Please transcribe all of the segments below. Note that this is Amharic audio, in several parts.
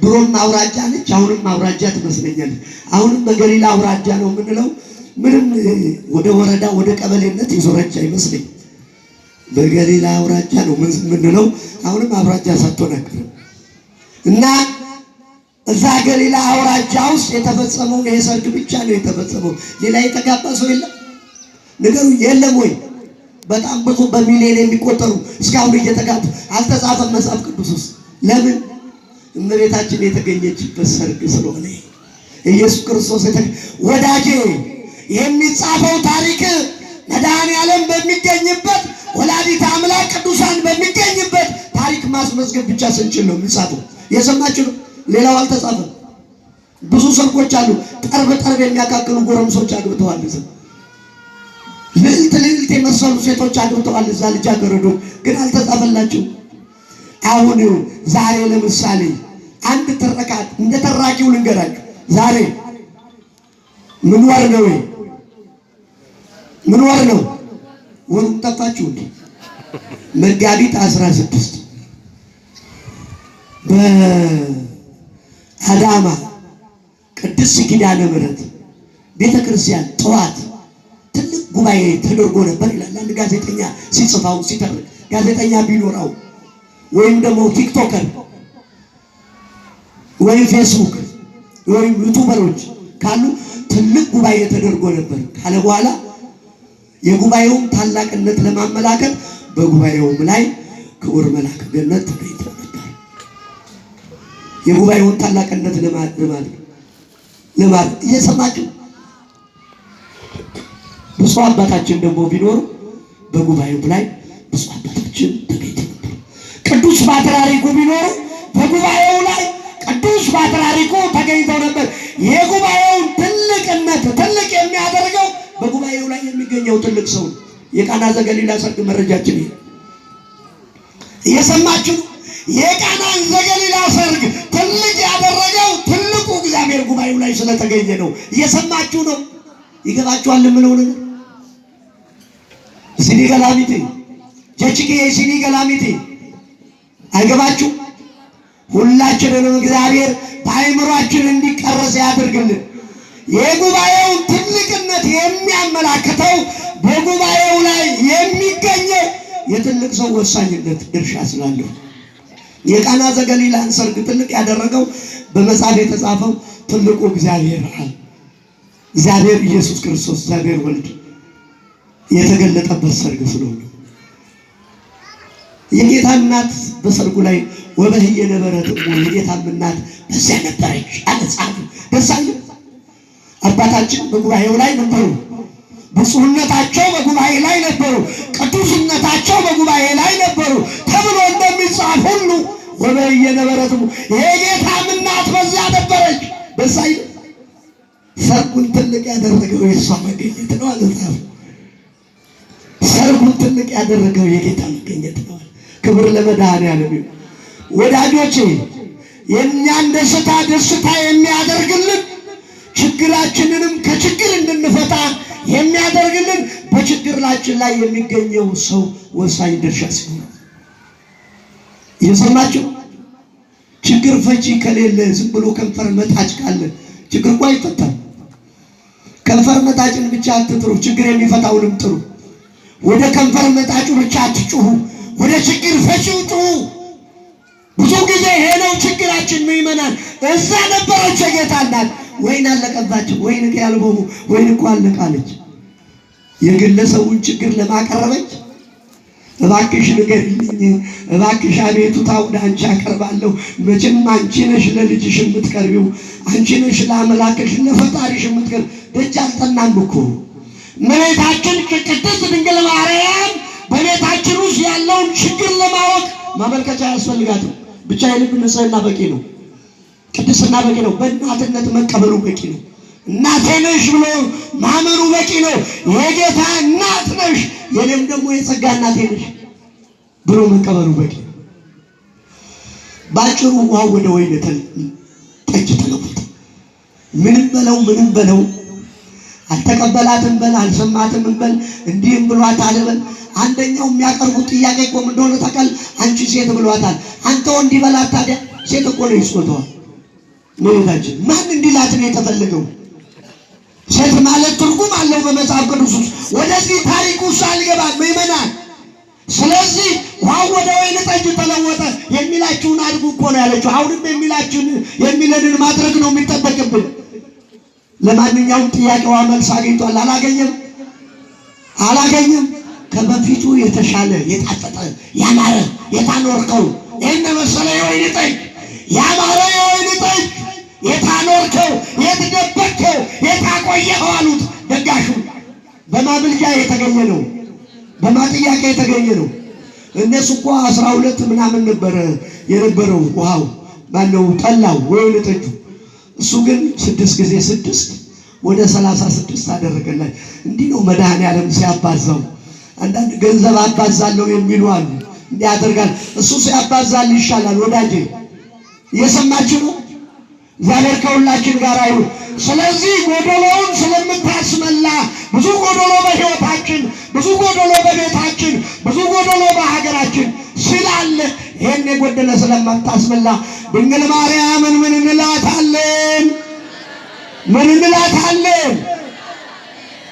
ድሮም አውራጃ ነች፣ አሁንም አውራጃ ትመስለኛለች። አሁንም በገሊላ አውራጃ ነው የምንለው። ምንም ወደ ወረዳ ወደ ቀበሌነት የዞረች አይመስለኝ። በገሊላ አውራጃ ነው የምንለው። አሁንም አውራጃ ሰጥቶ አትቀርም እና እዛ ገሊላ አውራጃ ውስጥ የተፈጸመው ይሄ ሰርግ ብቻ ነው የተፈጸመው። ሌላ የተጋባ ሰው የለም። ነገሩ የለም ወይ? በጣም ብዙ በሚሊዮን የሚቆጠሩ እስካሁን እየተጋቡ አልተጻፈም መጽሐፍ ቅዱስ ውስጥ ለምን እመቤታችን የተገኘችበት ሰርግ ስለሆነ ኢየሱስ ክርስቶስ ወዳጄ የሚጻፈው ታሪክ መድኃኔዓለም በሚገኝበት ወላዲተ አምላክ ቅዱሳን በሚገኝበት ታሪክ ማስመዝገብ ብቻ ስንችል ነው የሚጻፈው። የሰማችሁ ነው። ሌላው አልተጻፈም። ብዙ ሰርጎች አሉ። ጠርብ ጠርብ የሚያካክሉ ጎረምሶች አግብተዋል። ዝም ልዕልት ልዕልት የመሰሉ ሴቶች አግብተዋል። እዛ ልጃገረዶች ግን አልተጻፈላችሁም። አሁን ይኸው ዛሬ ለምሳሌ አንድ ትረቃት እንደ ተራቂው ልንገራችሁ። ዛሬ ምን ወር ነው? ምን ወር ነው? ወሩን ጠፋችሁ እንዴ? መጋቢት 16 በአዳማ ቅድስት ኪዳነ ምሕረት ቤተ ክርስቲያን ጠዋት ትልቅ ጉባኤ ተደርጎ ነበር ይላል አንድ ጋዜጠኛ ሲጽፋው ሲተርክ ጋዜጠኛ ቢኖራው ወይም ደግሞ ቲክቶከር ወይም ፌስቡክ ወይም ዩቱበሮች ካሉ ትልቅ ጉባኤ ተደርጎ ነበር ካለ በኋላ የጉባኤውን ታላቅነት ለማመላከት በጉባኤውም ላይ ክቡር መልአከ ገነት ተገኝቶ ነበር። የጉባኤውን ታላቅነት ለማድረግ ለማድረግ እየሰማችሁ ብፁዕ አባታችን ደግሞ ቢኖሩ በጉባኤው ላይ ብፁዕ አባታችን ተገኝቶ ቅዱስ ፓትርያርኩ ቢኖሩ በጉባኤው ላይ ቅዱስ ፓትርያርኩ ተገኝተው ነበር። የጉባኤውን ትልቅነት ትልቅ የሚያደርገው በጉባኤው ላይ የሚገኘው ትልቅ ሰው የቃና ዘገሊላ ሰርግ መረጃችን ይሄ እየሰማችሁ የቃና ዘገሊላ ሰርግ ትልቅ ያደረገው ትልቁ እግዚአብሔር ጉባኤው ላይ ስለተገኘ ነው። እየሰማችሁ ነው። ይገባችኋል የምለው ነገር ሲኒ ገላሚቴ ጀችጌ ሲኒ ገላሚቴ አይገባችሁ? ሁላችንንም እግዚአብሔር በአእምሯችን እንዲቀረጽ ያድርግልን። የጉባኤውን ትልቅነት የሚያመላክተው በጉባኤው ላይ የሚገኘው የትልቅ ሰው ወሳኝነት ድርሻ ስላለሁ የቃና ዘገሊላን ሰርግ ትልቅ ያደረገው በመጽሐፍ የተጻፈው ትልቁ እግዚአብሔር አብ እግዚአብሔር ኢየሱስ ክርስቶስ እግዚአብሔር ወልድ የተገለጠበት ሰርግ ስለሆነ የጌታ እናት በሰርጉ ላይ ወበህ የነበረ እሞ የጌታም እናት በዚያ ነበረች አለ አባታችን በጉባኤው ላይ ነበሩ። ብፁዕነታቸው በጉባኤ ላይ ነበሩ። ቅዱስነታቸው በጉባኤ ላይ ነበሩ ተብሎ እንደሚጻፍ ሁሉ ወበህየ የነበረ እሞ የጌታም እናት በዚያ ነበረች። ደስ ሰርጉን ትልቅ ያደረገው የእሷ መገኘት ነው አለ ሰርጉን ትልቅ ያደረገው የጌታ መገኘት ነው። ክብር ለመድኃኔዓለም ይሁን። ወዳጆቼ የእኛን ደስታ ደስታ የሚያደርግልን ችግራችንንም ከችግር እንድንፈታ የሚያደርግልን በችግራችን ላይ የሚገኘው ሰው ወሳኝ ድርሻ ሲሆን እየሰማችሁ ችግር ፈቺ ከሌለ ዝም ብሎ ከንፈር መጣጭ ካለ ችግር እንኳ ይፈታል። ከንፈር መጣጭን ብቻ አትጥሩ፣ ችግር የሚፈታውንም ጥሩ። ወደ ከንፈር መጣጩ ብቻ አትጩሁ። ወደ ችግር ፈቺው ጩሁ። ብዙ ጊዜ ሄነው ችግራችን ምይመናል እዛ ነበረች የጌታ እናት። ወይን አለቀባቸው፣ ወይን ያልሆኑ ወይን እኮ አለቃለች። የግለሰቡን ችግር ለማቀረበች እባክሽ ንገሪልኝ፣ እባክሽ አቤቱታ ወደ አንቺ አቀርባለሁ። መቼም አንቺ ነሽ ለልጅሽ የምትቀርቢው፣ አንቺ ነሽ ለአምላክሽ ለፈጣሪሽ የምትቀርብ። ደጅ አልጠናም እኮ እመቤታችን ቅድስት ድንግል ማርያም በቤታችን ውስጥ ያለውን ችግር ለማወቅ ማመልከቻ አያስፈልጋትም። ብቻ የልብ ንጽህና በቂ ነው። ቅድስና በቂ ነው። በእናትነት መቀበሉ በቂ ነው። እናቴ ነሽ ብሎ ማመኑ በቂ ነው። የጌታ እናት ነሽ፣ የኔም ደግሞ የጸጋ እናቴ ነሽ ብሎ መቀበሉ በቂ ነው። ባጭሩ ውሃ ወደ ወይን ጠጅ ተለወጠ። ምንም በለው ምንም በለው አልተቀበላትም በል፣ አልሰማትም በል፣ እንዲህም ብሏታል በል። አንደኛው የሚያቀርቡት ጥያቄ እኮ ምን እንደሆነ ተቀል አንቺ ሴት ብሏታል፣ አንተ ወንድ ይበላት። ታዲያ ሴት እኮ ነው ይስቆተዋል። ምንታችን ማን እንዲላት ነው የተፈለገው? ሴት ማለት ትርጉም አለው በመጽሐፍ ቅዱስ ውስጥ። ወደዚህ ታሪክ ውስጥ አልገባም ምዕመናን። ስለዚህ ውሃ ወደ ወይን ጠጅ ተለወጠ። የሚላችሁን አድርጉ እኮ ነው ያለችው። አሁንም የሚላችሁን የሚለንን ማድረግ ነው የሚጠበቅብን። ለማንኛውም ጥያቄዋ መልስ አግኝቷል። አላገኘም አላገኘም። ከበፊቱ የተሻለ የጣፈጠ ያማረ የታኖርከው ይህን መሰለ የወይን ጠጅ ያማረ የወይን ጠጅ የታኖርከው የትደበቅከው የታቆየኸው አሉት። ደጋሹ በማብልጃ የተገኘ ነው፣ በማጥያቄ የተገኘ ነው። እነሱ እኮ አስራ ሁለት ምናምን ነበረ የነበረው ውሃው ማነው ጠላው ወይን ጠጁ እሱ ግን ስድስት ጊዜ ስድስት ወደ ሰላሳ ስድስት አደረገላቸው። እንዲህ ነው መድኃኔዓለም ሲያባዛው። አንዳንድ ገንዘብ አባዛለሁ የሚሉ አሉ። እንዲህ ያደርጋል እሱ ሲያባዛል ይሻላል። ወዳጄ እየሰማችሁ ነው። እግዚአብሔር ከሁላችን ጋር ይሁን። ስለዚህ ጎደሎውን ስለምታስመላ ብዙ ጎደሎ በሕይወታችን፣ ብዙ ጎደሎ በቤታችን፣ ብዙ ጎደሎ በሀገራችን ስላለ ይህን የጎደለ ስለማታስመላ ድንግል ማርያምን ምን እንላታለን? ምን እንላታለን?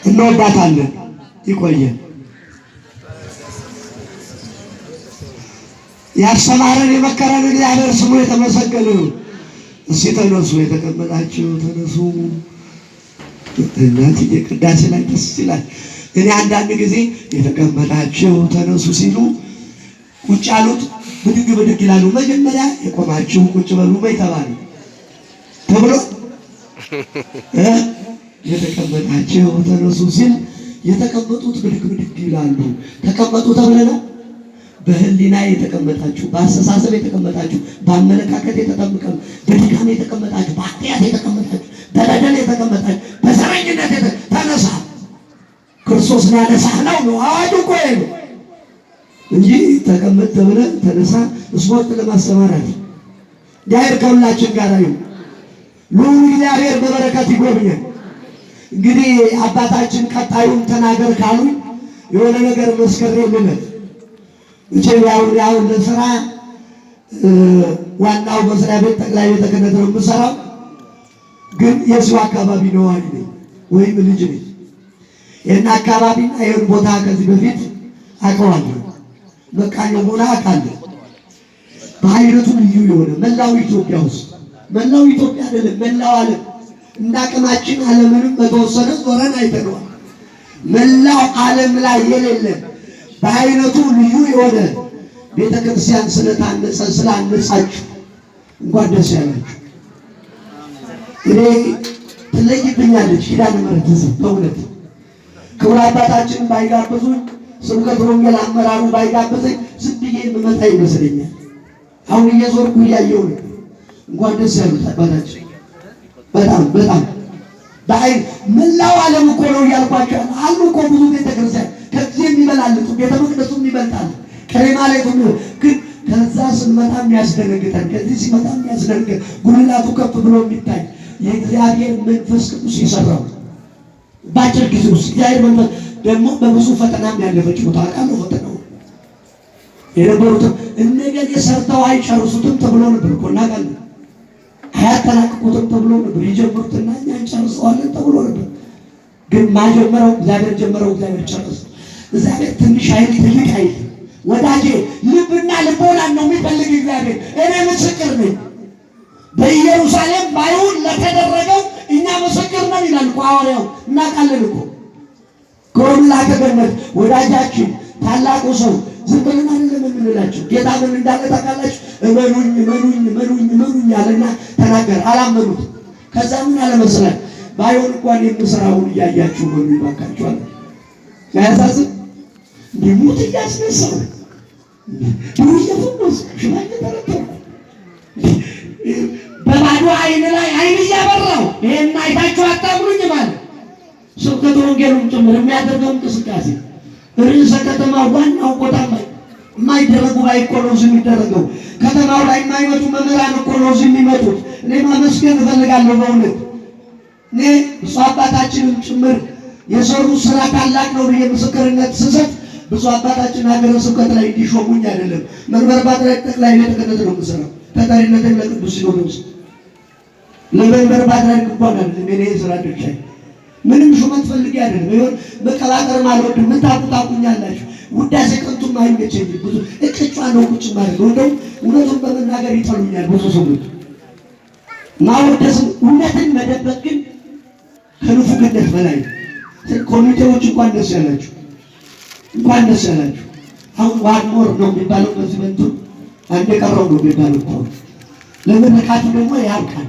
እንወዳታለን። ይቆየን። ያስተማረን የመከረን እግዚአብሔር ስሙ የተመሰገነ ነው። ተነሱ፣ የተቀመጣችሁ ተነሱ። እናትዬ ቅዳሴ ላይ ደስ ይላል። እኔ አንዳንድ ጊዜ የተቀመጣችሁ ተነሱ ሲሉ ውጭ አሉት ብድግ ብድግ ይላሉ። መጀመሪያ የቆማችሁ ቁጭ በሉ ይተባሉ ተብሎ የተቀመጣቸው ተነሱ ሲል የተቀመጡት ብድግ ብድግ ይላሉ። ተቀመጡ ተብለ ነው። በህሊና የተቀመጣችሁ፣ በአስተሳሰብ የተቀመጣችሁ፣ በአመለካከት የተጠምቀ በድካም የተቀመጣችሁ፣ በአጥያት የተቀመጣችሁ፣ በበደል የተቀመጣችሁ፣ በዘረኝነት ተነሳ። ክርስቶስ ሊያነሳህ ነው ነው አዋጁ እኮ ነው። እንጂ ተቀመጥ ተብለ ተነሳ ስፖርት ለማስተማር አለ። እግዚአብሔር ከሁላችን ጋር ነው። ልዑል እግዚአብሔር በበረከት ይጎብኛል። እንግዲህ አባታችን ቀጣዩን ተናገር ካሉ የሆነ ነገር መስከሬ ዋናው መስሪያ ቤት ጠቅላይ ቤተ ክህነት ነው የምሰራው፣ ግን የሱ አካባቢ ነዋሪ ነኝ ወይም ልጅ ነኝ። ይህን አካባቢና ይህን ቦታ ከዚህ በፊት አውቀዋለሁ። መካን የሆነ አለ በአይነቱ ልዩ የሆነ መላው ኢትዮጵያ ውስጥ መላው ኢትዮጵያ አይደለም መላው ዓለም እንደ አቅማችን ዓለምንም በተወሰነ ዞረን አይተነዋል። መላው ዓለም ላይ የሌለ በአይነቱ ልዩ የሆነ ቤተ ክርስቲያን ስለታነጸ ስላነጻችሁ እንኳን ደስ ያላችሁ። እኔ ትለይብኛለች ኪዳነ ምሕረት በእውነት ክቡር አባታችንን ባይጋብዙኝ ስብከት ወንጌል አመራሩ ባይጋብዘኝ ዝም ብዬ የምመጣ ይመስለኛል። አሁን እየዞርኩ እያየሁ ነው። እንኳን ደስ ያሉት አባታችን በጣም በጣም በአይን መላው ዓለም እኮ ነው እያልኳቸው አሉ እኮ ብዙ ቤተክርስቲያን ከዚህ የሚበላልጡ ቤተ መቅደሱም ይበልጣል። ቀኔ ማለት ግን ከዛ ስንመጣ የሚያስደነግጠን ከዚህ ሲመጣ የሚያስደነግጠን ጉልላቱ ከፍ ብሎ የሚታይ የእግዚአብሔር መንፈስ ቅዱስ የሰራው በአጭር ጊዜ ውስጥ እግዚአብሔር መንፈስ ደግሞ በብዙ ፈተና ያለፈች ቦታ ቃሉ ፈተናው የነበሩትም እነገን የሰርተው አይጨርሱትም ተብሎ ነበር እኮ እናውቃለን። አያጠናቅቁትም ተብሎ ነበር። የጀመሩትና እኛ እንጨርሰዋለን ተብሎ ነበር። ግን ማጀመረው እግዚአብሔር ጀመረው፣ እግዚአብሔር ጨረሰ። እግዚአብሔር ትንሽ ኃይል ትልቅ ኃይል ወዳጄ፣ ልብና ልቦናን ነው የሚፈልግ እግዚአብሔር። እኔ ምስክር ነኝ። በኢየሩሳሌም ባይሁን ለተደረገው እኛ ምስክር ነን ይላል እኮ ሐዋርያው። እናውቃለን እኮ ከወላተ ገነት ወዳጃችን ታላቁ ሰው ዝም ብለን አይደለም የምንላቸው። ጌታ ምን እንዳለ ታውቃላችሁ? እመኑኝ እመኑኝ እመኑኝ እመኑኝ አለና ተናገር። አላመኑት። ከዛ ምን አለመሰላል ባይሆን እንኳን የምሰራውን እያያችሁ ያሳዝን እያስነሳው ድሩ በባዶ አይን ላይ አይን እያበራው ይሄን አይታችሁ አታምኑኝ ማለት ስብከተ ወንጌሉም ጭምር የሚያደርገው እንቅስቃሴ ርዕሰ ከተማ ዋናው ቦታ የማይደረጉ ላይ እኮ ነው የሚደረገው። ከተማው ላይ የማይመጡ መምህራን እኮ ነው የሚመጡት። እኔ ማመስገን እፈልጋለሁ በእውነት እኔ ብፁዕ አባታችንም ጭምር የሰሩ ስራ ታላቅ ነው ብዬ ምስክርነት ስሰጥ ብፁዕ አባታችን ሀገረ ስብከት ላይ እንዲሾሙኝ አይደለም መንበር ባድራት ጠቅላይ ቤተ ክህነት ነው የምሰራው። ተጠሪነትን ለቅዱስ ሲኖዶስ ለመንበር ባድራት እንኳን አይደለም የኔ ስራ ድርሻ ምንም ሹመት ፈልጌ አይደለም። ይሁን መቀባጠርም አልወድም። ምታቁ ታቁኛላችሁ። ውዳሴ ከንቱም አይመቸኝም። ብዙ እቅጫ ነው ቁጭ ማለት ነው። እንደው እውነቱን በመናገር ይጠሉኛል ብዙ ሰዎች። ማወደስም እውነትን መደበቅ ግን ከንፉግነት በላይ ኮሚቴዎች እንኳን ደስ ያላችሁ፣ እንኳን ደስ ያላችሁ። አሁን ዋድሞር ነው የሚባለው በዚህ መንቱ አንድ የቀረው ነው የሚባለው ለመድረካቱ ደግሞ ያልቃል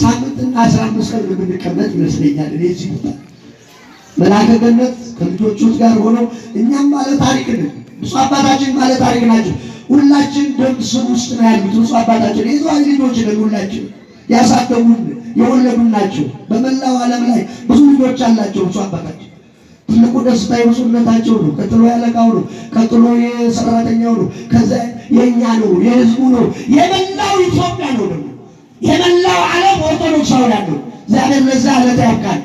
ሳምንትና አስራ አምስት ቀን የምንቀመጥ ይመስለኛል። እኔ እዚህ ቦታ መላከ ገነት ከልጆቹ ጋር ሆኖ እኛም ማለት ታሪክ ነው። ብፁዕ አባታችን ማለት ታሪክ ናቸው። ሁላችን ደም ስር ውስጥ ነው ያሉት። ብፁዕ አባታችን የዘዋይ ልጆች ነን። ሁላችን ያሳደጉን የወለዱን ናቸው። በመላው ዓለም ላይ ብዙ ልጆች አላቸው ብፁዕ አባታችን። ትልቁ ደስታ የብፁዕነታቸው ነው። ቀጥሎ ያለቃው ነው። ቀጥሎ የሰራተኛው ነው። ከዛ የእኛ ነው፣ የህዝቡ ነው፣ የመላው ኢትዮጵያ ነው ደግሞ ያውላሉ። ዛሬ ለዛ ዕለት ያብቃን፣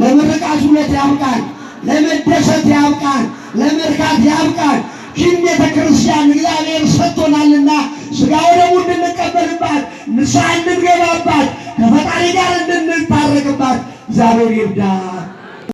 ለምርቃት ዕለት ያብቃን፣ ለመደሰት ያብቃን፣ ለመርካት ያብቃን። ይህን ቤተ ክርስቲያን እግዚአብሔር ሰጥቶናልና ስጋው ወደሙ እንድንቀበልባት፣ ንስሐ እንድንገባባት፣ ከፈጣሪ ጋር እንድንታረቅባት እግዚአብሔር ይርዳ።